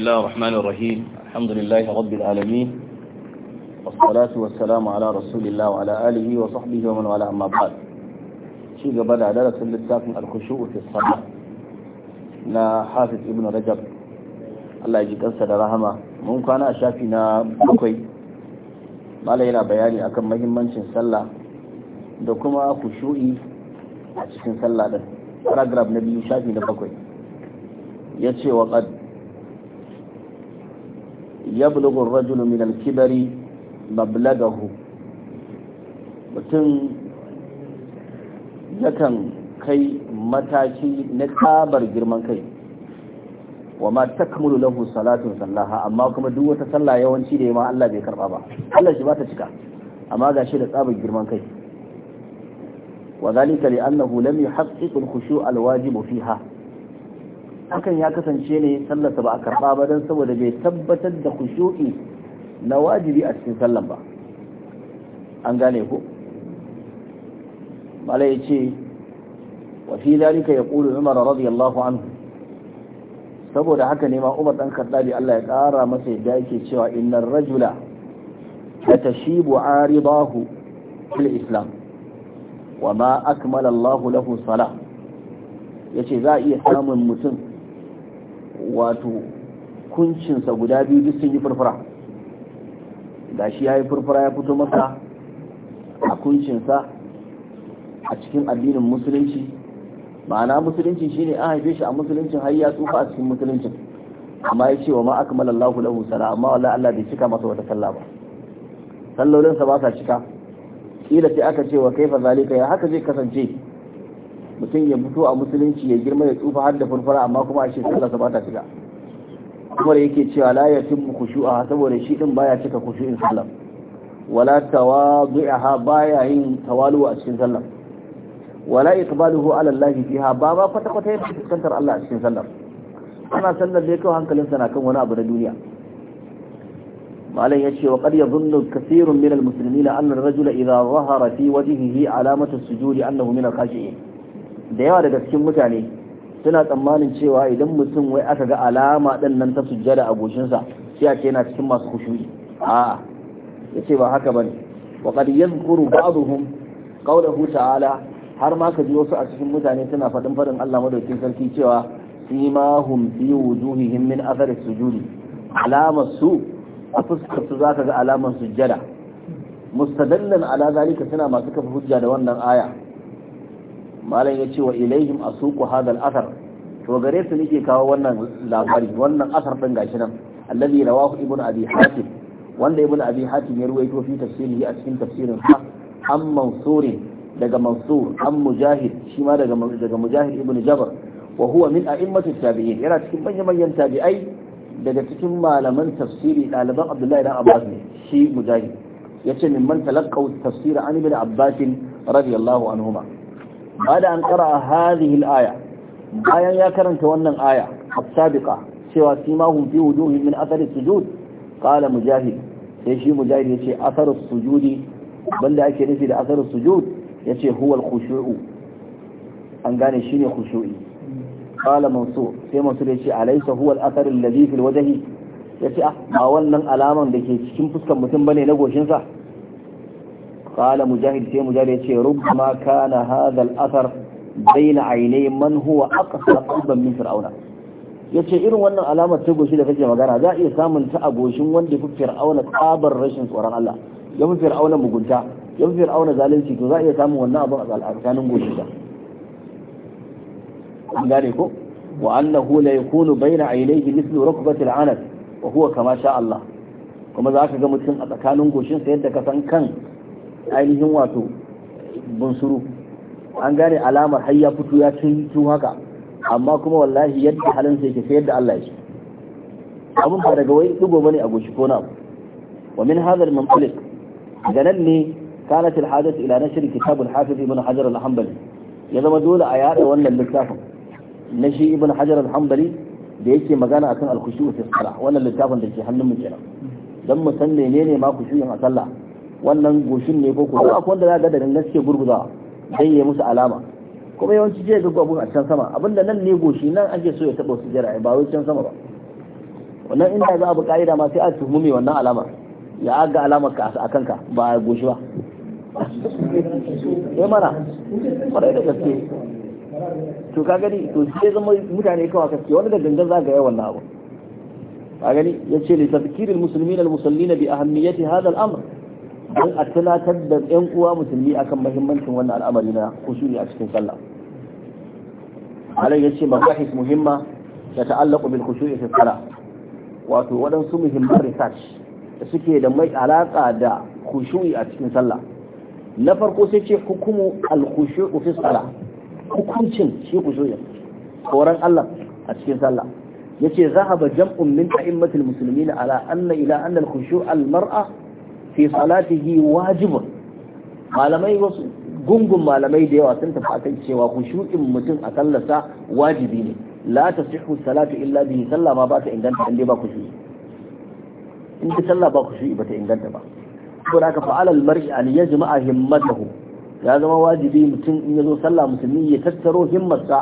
بسم الله الرحمن الرحيم الحمد لله رب العالمين والصلاة والسلام على رسول الله وعلى آله وصحبه ومن والاه أما بعد شيء قبل عدالة للساكن الخشوع في الصلاة نا حافظ ابن رجب الله يجيك أنسى رحمه ممكن أنا شافينا بكوي ما لينا بياني أكم مهمنشن صلى da kuma kushu'i a cikin sallah din paragraph na biyu shafi na bakwai ya ce wa qad yablughu ar-rajulu min al-kibri mablagahu mutum yakan kai mataki na tsabar girman kai wa ma takmulu lahu salatun sallaha amma kuma duk wata sallah yawanci da ma Allah bai karba ba Allah shi ba ta cika amma gashi da tsabar girman kai wa zalika li annahu lam yuhaqqiq al-khushu' al-wajib fiha hakan ya kasance ne sallarsa ba a karɓa ba don saboda bai tabbatar da kushu'i na wajibi a cikin sallar ba an gane ku mala ya ce wa fi ya ƙulu umar radiyallahu anhu saboda haka ne ma umar ɗan bi Allah ya ƙara masa yadda yake cewa innar rajula la tashibu aridahu fil islam wa ma akmala Allah lahu salah yace za a iya samun mutum wato kuncinsa guda biyu duk sun yi furfura shi ya yi furfura ya fito masa a kuncinsa a cikin addinin musulunci ma'ana musulunci shine an haife shi a musuluncin har ya tsufa a cikin musuluncin amma ya ce wa ma akmala Allahu lahu sala amma wala Allah bai cika masa wata sallah ba sallolin sa ba sa cika kila sai aka ce wa kaifa zalika ya haka zai kasance mutum ya fito a musulunci ya girma ya tsufa har da farfara amma kuma a shekara sa bata shiga kuma da yake cewa la yatimmu khushu'a saboda shi din baya cika khushu'in sallah wala tawadhu'aha baya yin tawalu a cikin sallah wala iqbaluhu ala Allah fiha ba ba kwata kwata yin fuskantar Allah a cikin sallar. ana sallar da kawai hankalinsa na kan wani abu na duniya malam yace wa qad yadhunnu kathirun min al-muslimin anna ar-rajula idha dhahara fi wajhihi alamatu as-sujud annahu min al-khashi'in da yawa daga cikin mutane suna tsammanin cewa idan mutum wai aka ga alama ɗin nan ta sujjada a goshinsa sai a yana cikin masu kushuri a ya ce ba haka ba ne wa qad yadhkuru ba'dhum qawluhu ta'ala har ma ka ji wasu a cikin mutane suna faɗin faɗin Allah madaukakin sarki cewa simahum fi wujuhihim min athari sujudi alamar su a fuskar su zaka ga alamar sujjada mustadallan ala zalika suna masu kafa hujja da wannan aya malam ya ce wa ilaihim suku hadal asar to gare su nake kawo wannan labari wannan asar ɗin gashi nan alladhi rawahu ibnu abi hatim wanda ibnu abi hatim ya ruwaito fi tafsirihi a cikin tafsirin sa an mansurin daga mansur an mujahid shi ma daga daga mujahid ibnu jabr wa huwa min a'immatit tabi'in yana cikin manyan manyan tabi'ai daga cikin malaman tafsiri ɗaliban abdullahi dan abbas ne shi mujahid yace min man talaqqaw tafsira an ibn abbas radiyallahu anhuma ba da an kara hadhihi al-aya bayan ya karanta wannan aya a sabiqa cewa simahum fi wujuhihim min athari sujud qala mujahid sai shi mujahid yace atharu sujudi banda ake nufi da atharu sujud yace huwa al-khushu'u an gane shi ne khushu'i qala mansur sai mansur yace alaysa huwa huwal athar alladhi fi al-wajhi yace ah ba wannan alaman da ke cikin fuskar mutum bane na goshinsa. qala mujahid sai mujahid yace rubbama kana hadha al-athar bayna aynay man huwa aqsa qalban min fir'auna yace irin wannan alamar ta goshi da kake magana za iya samun ta a goshin wanda fi fir'auna tsabar rashin tsoron Allah ya fi fir'auna mugunta ya fi fir'auna zalunci to za iya samun wannan abin a tsakanin goshin ta an gane ko wa annahu la yakunu bayna aynayhi huwa Allah kuma za ka ga mutum a tsakanin goshin sayar yadda ka san kan ainihin wato bunsuru an gane alamar har ya fito ya tun haka amma kuma wallahi yadda halin sai ke sayar da Allah ya abun ba daga wai digo bane a goshi ko na wa min hadha al mamalik ganan ne kanat al hadath ila nashr kitab al hafiz ibn hajar al hanbali ya zama dole a yada wannan littafin na shi ibn hajar al hanbali da yake magana akan al khushu fi salah wannan littafin da ke hannun mu kenan dan mu san menene ma khushu'in a sallah wannan goshin ne ko kuma akwai wanda za ga da gangan suke gurguza dan ya musu alama kuma yawanci je ga abun a can sama abinda nan ne goshi nan ake so ya taba su jira ba wai can sama ba wannan inda za a bi ka'ida ma sai a tuhumu mai wannan alama ya aga alamar ka a kanka ba goshi ba eh mana kwarai da gaske to ka gani to sai zama mutane kawai kaske wani da gangan za ga wannan abu ka gani yace li tafkiril muslimin al musallina bi ahammiyati hadha hadar amr don a tunatar da yan uwa musulmi akan mahimmancin wannan al'amari na kusuri a cikin sallah alai yace mabahis muhimma ta ta'allaqu bil khushu'i fi sallah wato waɗansu muhimman research da suke da mai alaƙa da khushu'i a cikin sallah na farko sai ce hukumu al khushu'u fi sallah hukuncin shi khushu'i koran Allah a cikin sallah yace zahaba jam'un min a'immatil muslimin ala anna ila anna al khushu' al mar'a fi salatihi wajibun malamai wasu gungun malamai da yawa sun tafi akan cewa khushu'in mutum a sallarsa wajibi ne la tasihhu salatu illa bihi sallah ma ba ta inganta in ba khushu'i in ta sallah ba khushu'i ba ta inganta ba saboda haka fa'ala al-mar'i an yajma'a himmatahu ya zama wajibi mutum in ya zo sallah musulmi ya tattaro himmarsa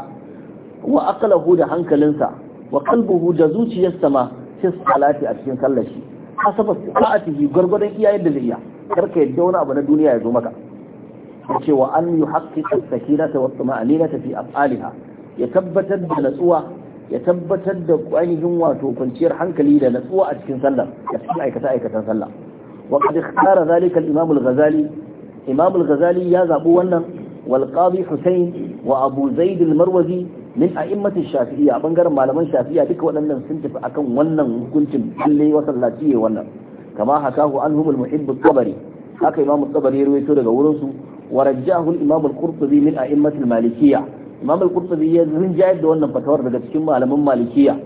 wa aqlahu da hankalinsa wa qalbuhu da zuciyarsa ma fi salati a cikin sallar shi hasaba sa'atihi gwargwadon iyayen da zai iya karka yadda wani abu na duniya ya zo maka yace wa an yuhaqqiqa as-sakinata wasu at-tuma'aninata fi af'aliha ya tabbatar da natsuwa ya tabbatar da ainihin wato kwanciyar hankali da natsuwa a cikin sallah a cikin aikata aikatan sallah wa qad ikhtara zalika imam al-ghazali ya zabu wannan wal qadi husayn wa abu zaid al-marwazi min a'immatin shafi'iyya a bangaren malaman shafi'iyya duka waɗannan sun tafi akan wannan hukuncin lalle wasallaci ya wannan kama hakahu anhum al-muhibb al-tabari haka imam al ya rawaito daga wurin su wa rajjahu al qurtubi min a'immatil malikiyya imam al-qurtubi ya rinjayar da wannan fatawar daga cikin malaman malikiyya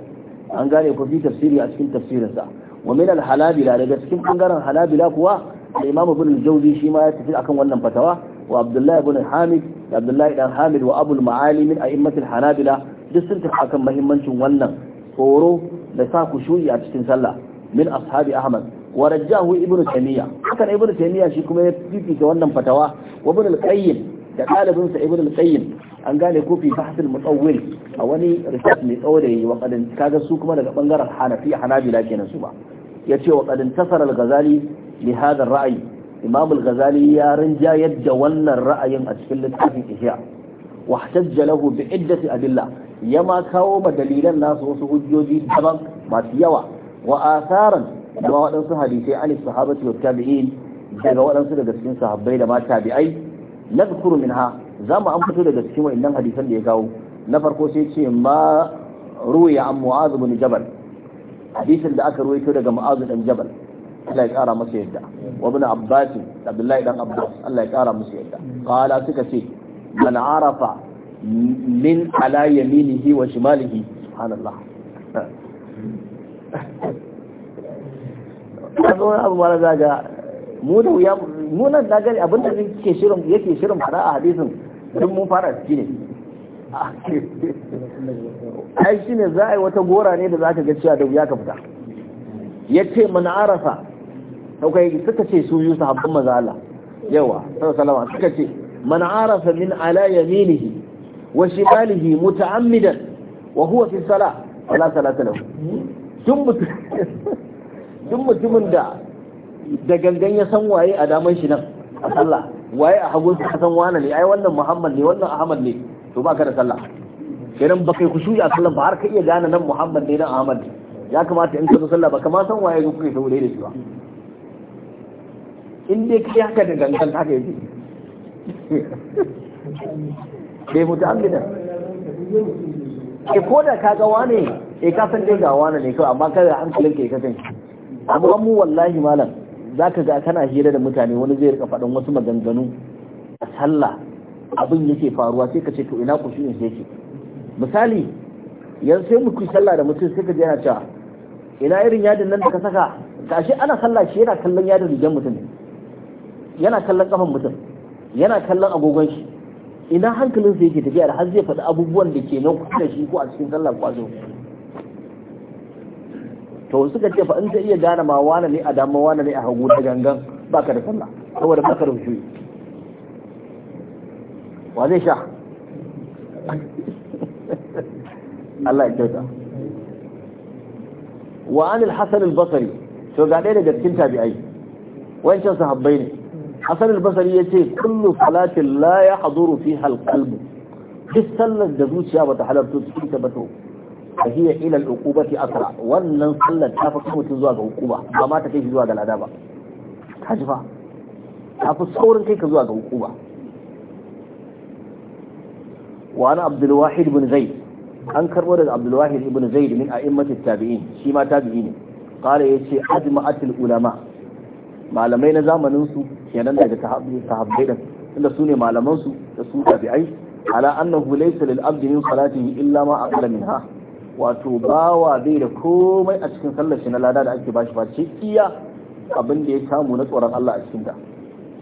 an gane ku fi tafsiri a cikin tafsirinsa wa min al-halabila daga cikin bangaren halabila kuwa da imam ibn al-jawzi shi ma ya tafi akan wannan fatawa وعبد abdullahi بن حامد عبد الله بن حامد وابو المعالي من ائمه الحنابلة duk sun tafi akan mahimmancin wannan tsoro da sa ku shuyi a cikin sallah min ashabi ahmad wa rajjahu ibn taymiya haka ibn taymiya shi kuma ya fifita wannan fatawa wa ibn da ɗalibinsa ibn al an gane kofi fi bahsul mutawwil a wani research mai tsawo da yayi wa kadin kaga su kuma daga bangaren hanafi hanabila kenan su ba yace wa kadin tasara al-ghazali li hadha ar imam al-ghazali ya rinjayar da wannan ra'ayin a cikin littafin ihya wa hajja lahu bi iddati adilla ya ma kawo madalilan nasu wasu hujjoji daban masu yawa wa asaran da waɗansu hadisai an sahabati wa tabi'in daga waɗansu daga cikin sahabbai da ma tabi'ai nadhkuru minha za mu an fito daga cikin wa'annan hadisan da ya kawo na farko sai ce ma ruwaya an mu'azu bin jabal hadisin da aka ruwaito daga mu'azu dan jabal Allah ya kara masa yadda wa ibn abbas abdullahi dan abbas Allah ya kara masa yadda qala suka ce man arafa min ala yaminihi wa shimalihi subhanallah kaga wani abu mara zaga mu da wuya mu nan zaga abinda yake shirin yake shirin fara a hadisin duk mun fara ciki ne ai shi ne za a yi wata gora ne da za ka ga cewa da wuya ka fita ya ce mana arafa saukai suka ce su yi sahabban manzo Allah yawa sallallahu alaihi suka ce man arafa min ala yaminihi wa shimalihi muta'ammidan wa huwa fi salah wala salata lahu Tun mutumin da da gangan ya san waye a daman shi nan a sallah waye a hagun sa san wane ne ai wannan Muhammad ne wannan Ahmad ne to ba ka da sallah kenan ba kai kushuri a sallah ba har ka iya gane nan Muhammad ne nan Ahmad ya kamata in ka zo sallah ba kama san waye kuke saurayi da shi ba in dai yi haka da gangan haka yake bai mutu amina e eh, ko da ka gawa ne e eh, ka san dai gawa ne kawai amma kada hankalin ka ya kasance amma mu wallahi malam Za ka ga kana hira da mutane wani zai rika faɗin wasu maganganu a sallah abin yake faruwa sai ka ce to ina kushin yake misali yanzu sai muku sallah da mutum sai ka je yana cewa ina irin yadin nan da ka saka gashi ana sallah shi yana kallon yadin rigar mutum yana kallon kafan mutum yana kallon agogon shi ina hankalin su yake tafiya da har zai faɗi abubuwan da ke nan kusa shi ko a cikin a zo to suka ce fa in ta iya gane ma wani ne a dama wani ne a hagu da gangan baka da sallah saboda baka da hujjoji wa zai sha Allah ya kyauta wa anil hasan al-basri to ga ɗaya daga cikin tabi'ai wancan sahabbai ne hasan al-basri yace kullu salatin la yahduru fiha al-qalb duk sallar da zuciya bata halarta cikin ta bato hiya ila al-uqubati asra wannan sallar ta fi mutum zuwa ga hukuma ba ma ta kai zuwa ga lada ba kaji fa ta fi saurin kai ka zuwa ga hukuma wa ana abdul wahid bin zaid an karbo daga abdul wahid ibn zaid min a'immatit tabi'in shi ma tabi'i ne qala yace ajma'atul ulama malamai na zamanin su kenan daga sahabbai da inda su ne malaman su da su tabi'ai ala annahu laysa lil abdi min salatihi illa ma aqala minha wato bawa bai da komai a cikin sallar shi na lada da ake bashi ba ce iya abin da ya samu na tsoron Allah a cikin ta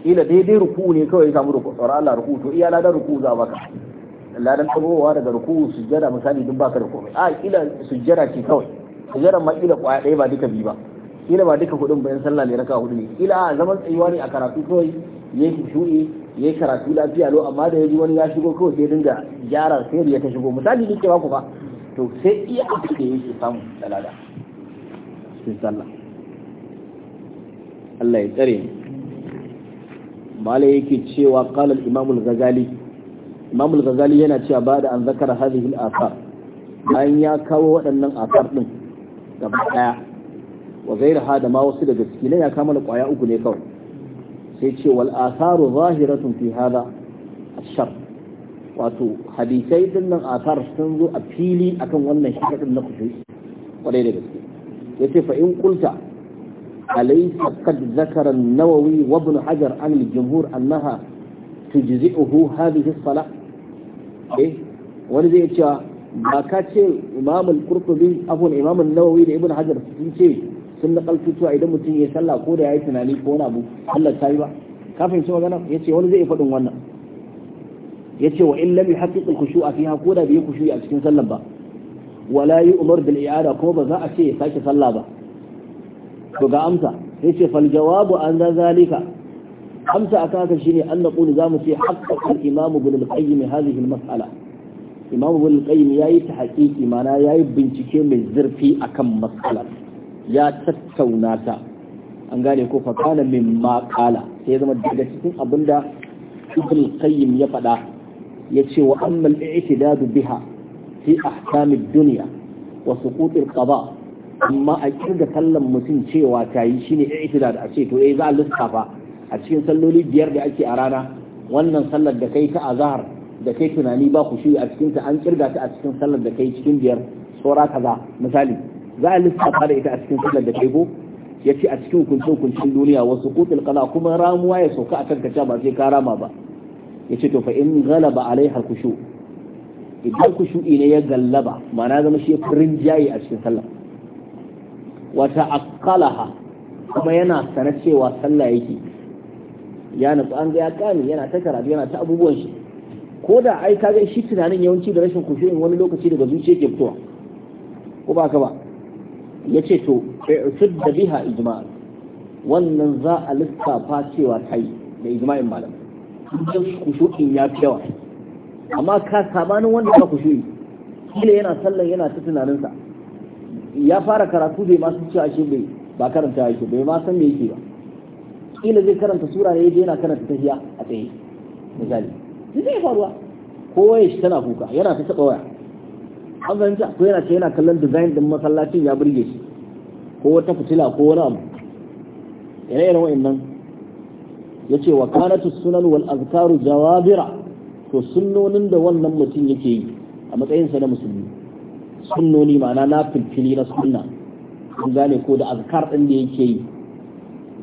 kila daidai ruku ne kawai ya samu tsoron Allah ruku to iya ladan ruku za baka ladan tabowa daga ruku sujjada misali duk baka da komai a ila sujjada ce kawai sujjada ma ila kwaya ɗaya ba duka biyu ba kila ba duka kudin bayan sallah ne raka hudu ne kila a zaman tsayuwa ne a karatu kawai ya yi shuɗi ya yi karatu lafiya lo amma da ya ji wani ya shigo kawai sai dinga gyara sai ya ta shigo misali duk ke ba ku ba to sai iya cikin da yake samu dalada sai sallah Allah ya tsare ni mala yake cewa qala al-imam al-ghazali imam ghazali imam ghazali yana cewa ba da an zakara hadhihi al-athar bayan ya kawo waɗannan athar din gaba daya wa gairaha da ma wasu daga ciki na ya kama da kwaya uku ne kawai sai ce wal atharu zahiratun fi hada ashar wato hadisai din nan sun zo a fili akan wannan shirin na kufi kwarai da gaske ce fa in kulta alaysa qad zakara an-nawawi wa ibn hajar an al-jumhur annaha tujzi'uhu hadhihi as-salah eh wani zai ce ba ka ce imamul qurtubi abun imamul nawawi da ibn hajar sun ce sun nakaltu cewa idan mutum ya sallah ko da ya yi tunani ko wani abu Allah ta yi ba kafin su magana ya ce wani zai faɗin wannan ya ce wa in lam yuhaqqiq al-khushu'a fiha ko da bai a cikin sallah ba wala umar da i'ada kuma ba za a ce ya sake sallah ba to ga amsa yace fal jawabu an zalika amsa aka haka ne an naqulu zamu ce haqqaqal imamu ibn al-qayyim hadhihi masala imamu ibn al-qayyim yayi haƙiƙi mana yayi bincike mai zurfi akan mas'alar ya tattauna ta an gane ko fa min makala sai zama daga cikin abinda ibn qayyim ya faɗa yace wa amma al-i'tidadu biha fi ahkam ad-dunya wa suqut al-qada amma a kirga sallan mutum cewa ta yi shine i'tidad a ce to eh za a lissafa a cikin salloli biyar da ake a rana wannan sallar da kai ta azhar da kai tunani ba ku shi a cikin ta an kirga ta a cikin sallar da kai cikin biyar sora kaza misali za a lissafa da ita a cikin sallar da kaibo ya ce a cikin hukuncin-hukuncin duniya wasu kutul kala kuma ramuwa ya sauka a kaca ba sai ka rama ba ya ce to fa in galaba alaiha kushu idan kushu ne ya gallaba ma'ana zama shi ya jayi a cikin sallah wata akalaha kuma yana sana cewa sallah yake ya nufi an ga ya yana ta karatu yana ta abubuwan shi ko da ai zai shi tunanin yawanci da rashin kushu'in wani lokaci daga zuciya ke fitowa ko ba ka ba ya ce to fit eh, da biha ijma'a wannan za a lissafa cewa ta yi da ijma'in malam duk kushu'in ya fi yawa amma ka sabanin wanda ka kushu'i kila yana sallan yana ta tunaninsa ya fara karatu bai ma san cewa shi bai ba karanta yake bai ma san me yake ba kila zai karanta sura ne yana karanta tahiya a tsaye misali zai faruwa kowa ya shi tana kuka yana ta taɓa waya an fahimta yana ce yana kallon design din masallacin ya burge shi ko wata fitila ko wani abu Yana yana wa'in nan. ya ce wa kanatu sunan wal azkaru jawabira to sunnonin da wannan mutum yake yi a matsayinsa na musulmi sunnoni ma'ana na filfili na sunna sun gane ko da azkar ɗin da yake yi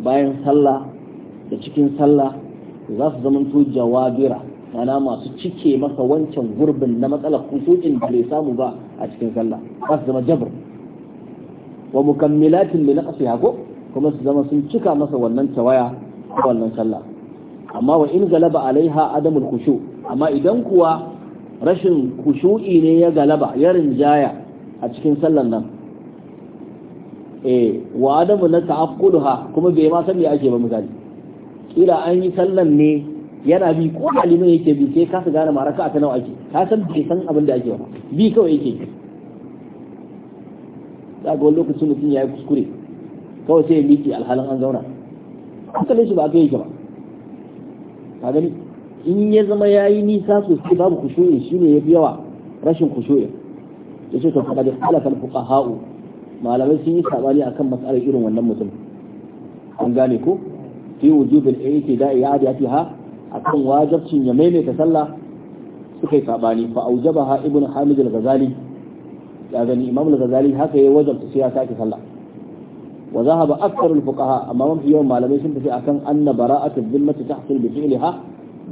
bayan sallah da cikin sallah za su zama to jawabira mana masu cike masa wancan gurbin na matsalar kusurin da bai samu ba a cikin sallah ba zama jabr wa mukammilatin li naqsiha ko kuma su zama sun cika masa wannan tawaya wannan sallah amma wa in galaba alaiha adamul khushu amma idan kuwa rashin khushu'i ne ya galaba ya rinjaya a cikin sallan nan eh wa adamu na ta'aqquduha kuma bai ma san me ake ba misali kila an yi sallan ne yana bi ko alimin yake bi sai ka gane maraka raka'a ta nawa ake ka san bai san abin da ake bi kawai yake za ga wani lokacin mutum ya yi kuskure kawai sai ya miƙe alhalin an zauna hankalin shi ba aka yi ba ka gani in ya zama ya yi nisa sosai babu kushoyi shi ne ya fi yawa rashin kushoyi ya ce to da halakar fuka ha'u malamai sun yi saɓani akan matsalar irin wannan mutum an gane ko fi wujubin ya da ya da ha akan wajabcin ya maimaita sallah suka yi sabani fa aujabaha ibn hamid al-ghazali ya gani imam al-ghazali haka ya wajabta sai ya sake sallah wa zahaba akthar al-fuqaha amma mafi yawan malamai sun tafi akan anna bara'atu dhimmati tahsil bi fi'liha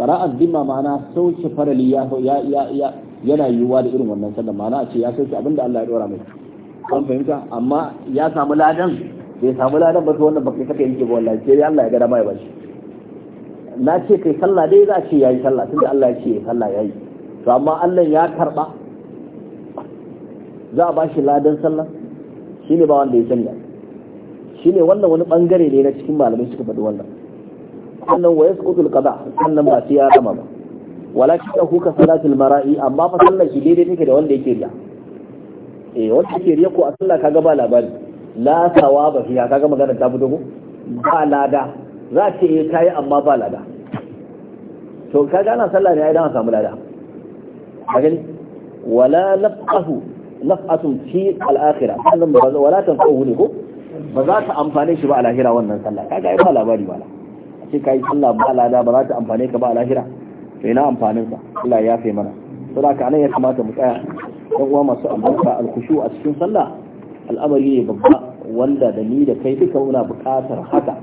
bara'at dhimma ma'ana sauki farali ya ya ya yana yiwuwa da irin wannan sallah ma'ana a ce ya sauki abinda Allah ya dora mai an fahimta amma ya samu ladan bai samu ladan ba to wannan bakai kake yake ba wallahi sai Allah ya ga dama ya bashi na ce kai sallah dai za a ce yayi sallah tunda Allah ya ce sallah yayi to amma Allah ya karba za a bashi ladan sallah shine ba wanda ya sanya shine wannan wani bangare ne na cikin malamai suka faɗi wannan sannan wa yasqutul qada sannan ba sai ya rama ba walakin hu ka salatul mara'i amma fa sallar shi daidai take da wanda yake riya eh wanda yake riya ko a sallah kaga ba labari la sawaba fiya kaga magana ta fito ko ba lada za a ce eh yi amma ba lada to ka gana sallah ne ya yi a samu lada a gani wala naf'atu naf'atun fi al-akhirah sannan ba wala tanfa'u ne ko ba za ta amfane shi ba a lahira wannan sallah Ka ai ba labari ba la a ce kai sallah ba lada ba za ta amfane ka ba a lahira to ina amfanin sa Allah ya fe mana saboda ka anan ya kamata mu tsaya ɗan uwa masu albarka al a cikin sallah al'amari ne babba wanda da ni da kai duka muna buƙatar haka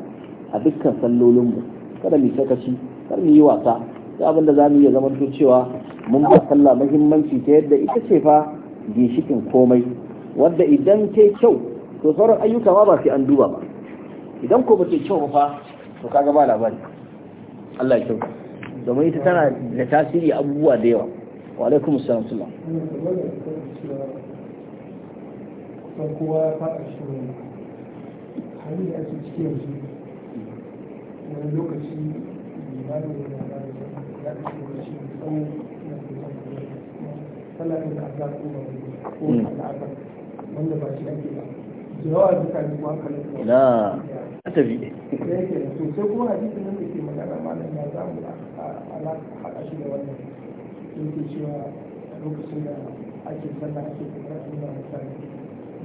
a dukkan sallolinmu kada mu sakaci kar mu yi wasa da abin da za mu iya zama cewa mun ba sallah muhimmanci ta yadda ita ce fa ginshikin komai wanda idan ta kyau to sauran ayyuka ma ba sai an duba ba idan ko ba ta kyau fa to kaga ba labari Allah ya kyau domin ita tana da tasiri abubuwa da yawa wa alaikum assalam sallam ya shi hali da ake cikin shi wani lokaci limanin da ya ya kashe wani shi tsawon na kusan salatin da aka ko ba ko hmm. al'adar wanda ba shi ake ba jawa duka ne ko haka ne na tafi da yake da to sai kuma hadisi nan da ke magana malam ya za mu haɗa shi da wannan ke cewa lokacin da ake sallah ake kuma nuna mutane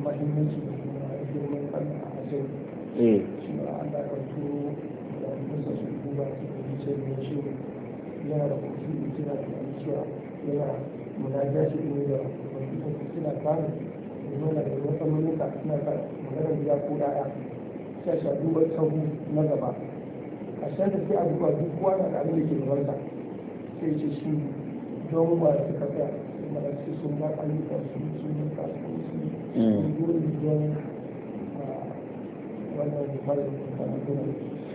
mahimmanci da kuma girman sallah a jau. Shi ma Allah ya musa su kuma su ce mai ciwo yana da kusuri suna da cewa yana munaja shi ne da kusuri suna kare nuna da matsalolin ka suna kare da ya ko ɗaya sai sha duba sahu na gaba a shan da sai a duba duk kowa na da abin da ke gabansa sai ce shi don ba su kafa mana su sun ba ayyuka su sun yi kasuwanci su yi don wannan marar da ta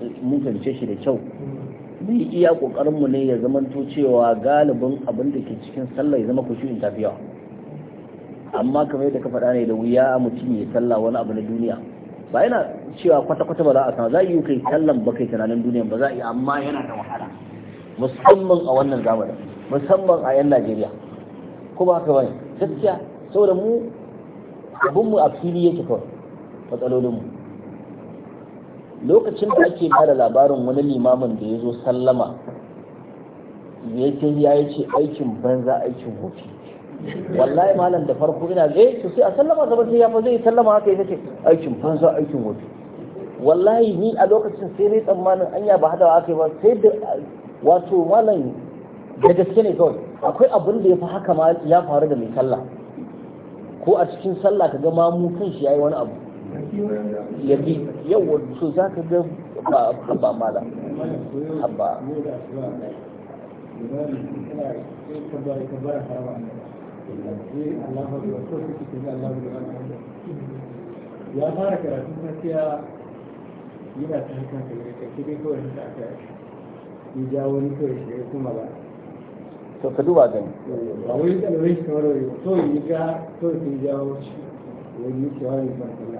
mun fahimce shi da kyau mu iya kokarin mu ne ya zamanto cewa galibin abin da ke cikin sallah ya zama kushurin tafiya amma kamar yadda ka faɗa ne da wuya mutum ya sallah wani abu na duniya ba yana cewa kwata-kwata ba za a samu za a yi kai sallan ba kai tunanin duniya ba za a yi amma yana da wahala musamman a wannan zamanin musamman a yan najeriya kuma haka bane gaskiya saboda mu abinmu a fili yake kawai matsalolinmu lokacin da ake bada labarin wani limamin da ya zo sallama ya ce ya yi ce aikin banza aikin gofi wallahi malam da farko ina ga eh sai a sallama gaba sai ya fa zai sallama haka ya ce aikin banza aikin gofi wallahi ni a lokacin sai dai tsammanin an ya ba hadawa aka yi ba sai da wato malam da gaske ne kawai akwai abin da ya fi haka ma ya faru da mai sallah ko a cikin sallah ka gama mu kan shi yayi wani abu ya bi yawa so za ka ga ba mala haba ya fara karatun yana ta ka ne kawai da aka yi ja wani kawai shi kuma ba to ka duba ba wani shi to yi ga to yi jawo shi wani kawai ban kula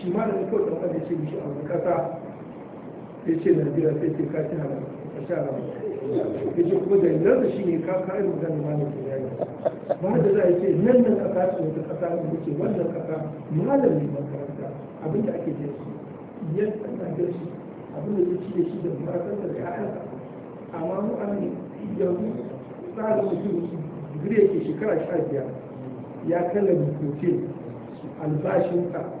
shi ma da mutuwa da wanda ce mishi a wani kasa ya ce na jira sai ce ka ci haram a ya ce kuma dalilan da shi ne ka kayan magana malam tunani ba da za a ce nan nan a kasa wata kasa da muke wannan kasa malam ne makaranta abinda ake jin shi yan ana jin shi abinda zai ci da shi da matan da ya'yansa amma mu an yanzu tsarin biyu, digiri yake shekara sha biyar ya kalla mutum albashinsa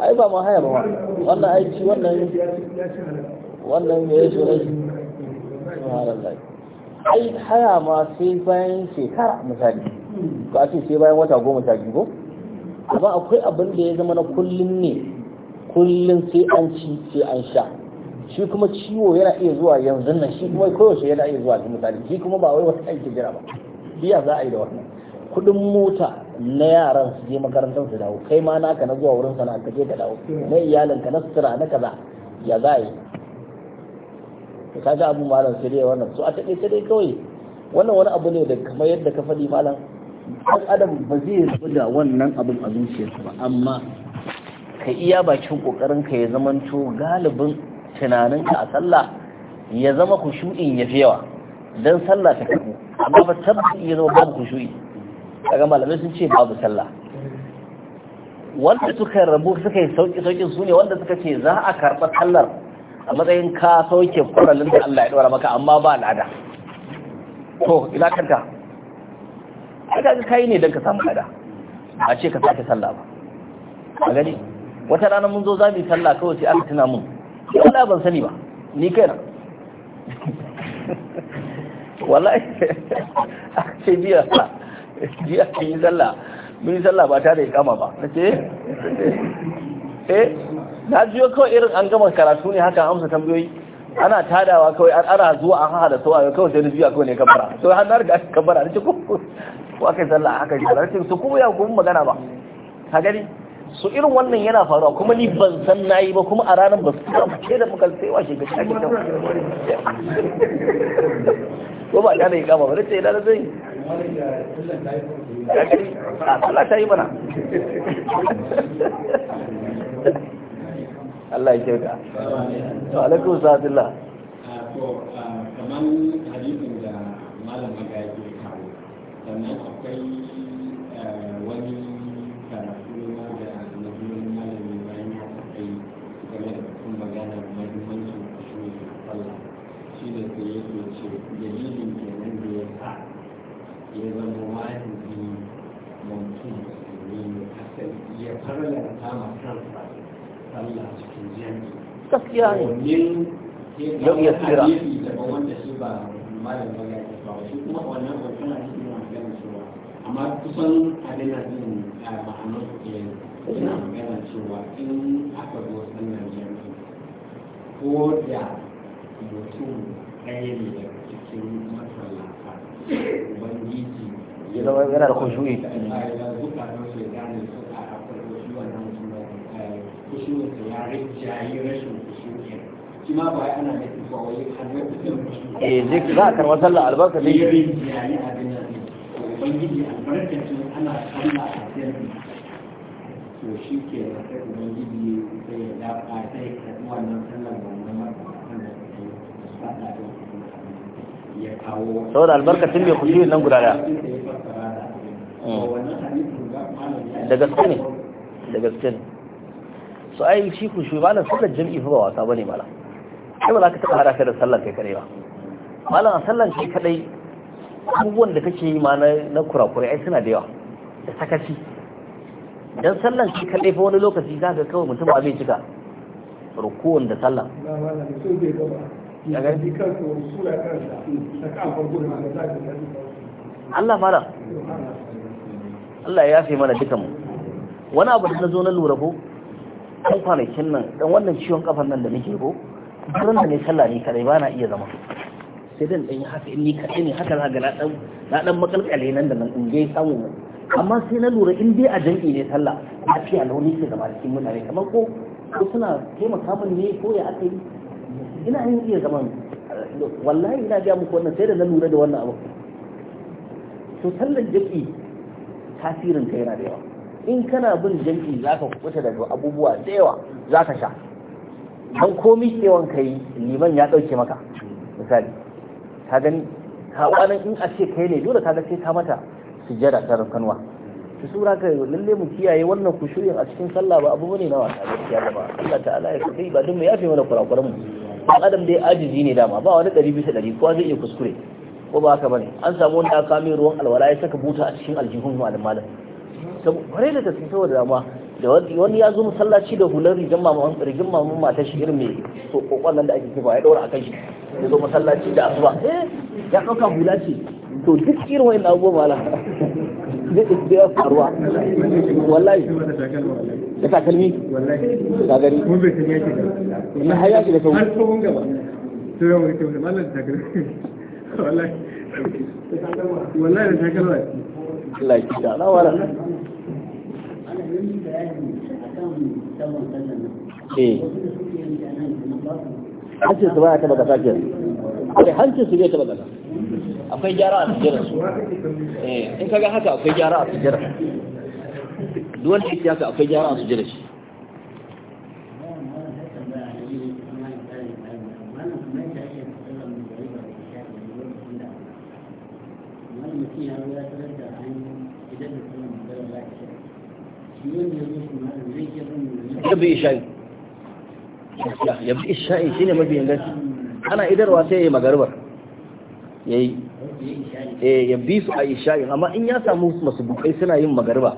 ai ba ma haya ba wannan aiki wannan wannan ya yi shi ai haya ma sai bayan shekara misali ba ce sai bayan wata goma sha biyu amma akwai abin da ya zama na kullum ne kullum sai an ci sai an sha shi kuma ciwo yana iya zuwa yanzu nan shi kuma koyaushe yana iya zuwa misali shi kuma ba wai wata aiki jira ba biya za a yi da wannan kudin mota na yaran su je makarantar su dawo kai ma naka na zuwa wurin sana'a ka je ka dawo na iyalinka na sutura na kaza ya za yi ka kaga abu malam sai dai wannan Su a take dai kawai wannan wani abu ne da kamar yadda ka faɗi malam ɗan adam ba zai rabu da wannan abin a zuciyarsa ba amma ka iya bakin kokarin ka ya to galibin tunaninka a sallah ya zama kushu'in ya fi yawa dan sallah ta kafu amma ba tabbata iya zama babu kushu'i kaga malamai sun ce babu sallah wanda suka rabu suka yi sauki saukin su ne wanda suka ce za a karɓa sallar a matsayin ka sauke kuralin da Allah ya ɗora maka amma ba al'ada. to ina kanta aka ga kai ne don ka samu al'ada? a ce ka sake sallah ba a gani wata rana mun zo za mu yi sallah kawai sai aka tuna mun wala ban sani ba ni na wallahi aka ce biya ji a yi sallah mun yi sallah ba tare da kama ba na ce eh, eh na jiyo kawai irin an gama karatu ne haka amsa tambayoyi ana tadawa kawai an ana zuwa an haɗa tsawa kawai sai na juya kawai ne kabara to har na riga kabara na ce ko aka yi sallah aka yi sallah su kuma ya kuma magana ba ka gani su irin wannan yana faruwa kuma ni ban san na yi ba kuma a ranar ba su samu ke da muka sai washe ga shi ko ba ta da ya kama ba da ce na zai Allah ta yi mana Allah ya kyauta to alaikum sa'adullah kaman hadisin da malam magaji ya kawo sannan akwai gaskiya ne yau ya tsira amma kusan abin da zai a ma'anar kuɗi yana magana cewa in aka zo sannan yanzu ko da mutum ɗaya ne daga cikin masallata ubangiji ya zama yana da kushuyi zukatan su ya gane su a akwai kushuwa na mutum da kushuwa su ya rinjaye rashin e ba eh, za albarka ne yani abin nan a da albarkacin mai kusurin nan guda daya da gaske ne da gaske ne su ai shi ku shi malam sallar jami'i fa ba wasa bane malam kai ba za ka taɓa hada kai da sallar kai kadai ba malam sallar kai kadai abubuwan da kake yi ma na kurakurai ai suna da yawa da sakaci dan sallar kai kadai fa wani lokaci za ka kawai mutum ba bai cika rukuwan da sallar Allah malam Allah ya fi mana duka mu wani abu da na zo na lura ko kan kwanakin nan dan wannan ciwon kafan nan da nake ko duran da ne sallah ne kadai ba na iya zama sai dan dan haka in ni kadai ne haka za ga na dan na dan makalkale nan da nan in dai samu amma sai na lura in dai a jami'i ne sallah lafiya launi ke zama cikin mutane kamar ko ko suna taimaka min ne ko ya aka yi ina yin iya zaman wallahi ina ga muku wannan sai da na lura da wannan abu to sallan jami'i tasirin ta yana da yawa in kana bin jami'i zaka kuɓuta daga abubuwa da yawa zaka sha dan komai tsewan ka yi liman ya ɗauke maka misali ka gani kawanan in a ce kai ne dole ka ga sai ka mata sujjada ta rukanwa su sura ka lalle mu kiyaye wannan kushurin a cikin sallah ba abu ne na wasa kiyaye ba Allah ta'ala ya kai ba duk mu yafe mana kurakuran mu dan adam dai ajiji ne dama ba wani ɗari bisa ɗari kowa zai iya kuskure ko ba haka bane an samu wanda aka mai ruwan alwala ya saka buta a cikin aljihun malam malam saboda da gaske saboda dama da wani ya zo masallaci da hular rigin mamun rigin mamun mata shi irin mai to kokon nan da ake kiba ya daura akan shi ya zo masallaci da asuba eh ya dauka hula ce to duk irin wayannan abubuwa mala zai da ya faruwa wallahi da takalmi wallahi ka gari mun bai san yake da na haya shi da kawo har tsohon gaba to yau ne to mallan takalmi wallahi wallahi da takalmi da ya kiyaye na wala eh hancin su ba ta baka sake akwai hancin su zai ta baka akwai gyara a sujjara su eh, in kaga haka akwai gyara a sujjara duwanda ya haka akwai gyara a sujjara shi yabi isha'i yabi isha'i shine mafi inganci ana idarwa sai ya yi magarbar ya yi eh ya bi su a isha'in amma in ya samu masu bukai suna yin magarba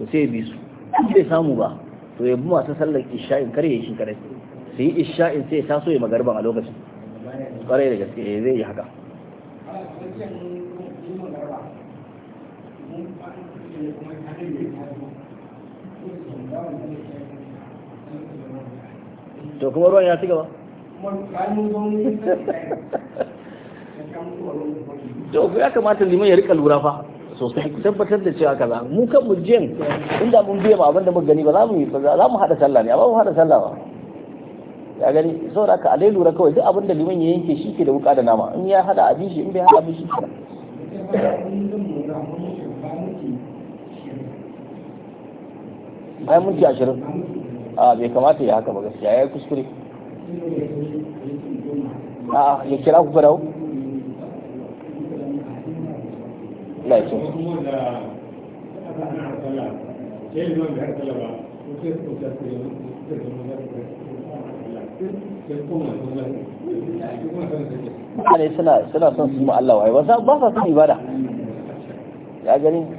to sai ya bi su kuma bai samu ba to ya bi masu sallar isha'in kar ya yi shi kare su yi isha'in sai ya taso ya magarban a lokacin kwarai da gaske eh zai yi haka to kuma ruwan ya ci gaba to ku ya kamata liman ya rika lura fa sosai ku tabbatar da cewa kaza mu kan mu jin inda mun biya ma abinda mu gani ba za mu yi za mu hada sallah ne amma mu hada sallah ba ya gani saboda haka a dai lura kawai duk abinda liman ya yanke shi ke da wuka da nama in ya hada abin shi in bai hada abin shi ai minti ashirin a bai kamata ya haka ba gaskiya ya yi kuskure a ya kira ku farau laifin mutane suna son su yi Allah wai ba sa son ibada ya gani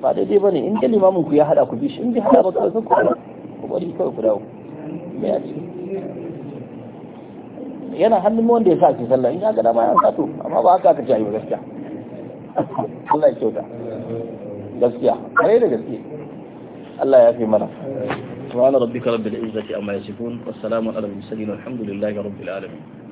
ba daidai ba ne in da limamin ku ya haɗa ku bi in bi haɗa ba kawai sun kwana ku bari kawai ku dawo mai a ciki yana hannun wanda ya sa ke sallah in ya ga dama yana sato amma ba haka aka ci ayyuka gaskiya Allah ya kyauta gaskiya kare da gaskiya Allah ya fi mana subhana rabbika rabbil izzati amma yasifun wassalamu ala al mursalin walhamdulillahi rabbil alamin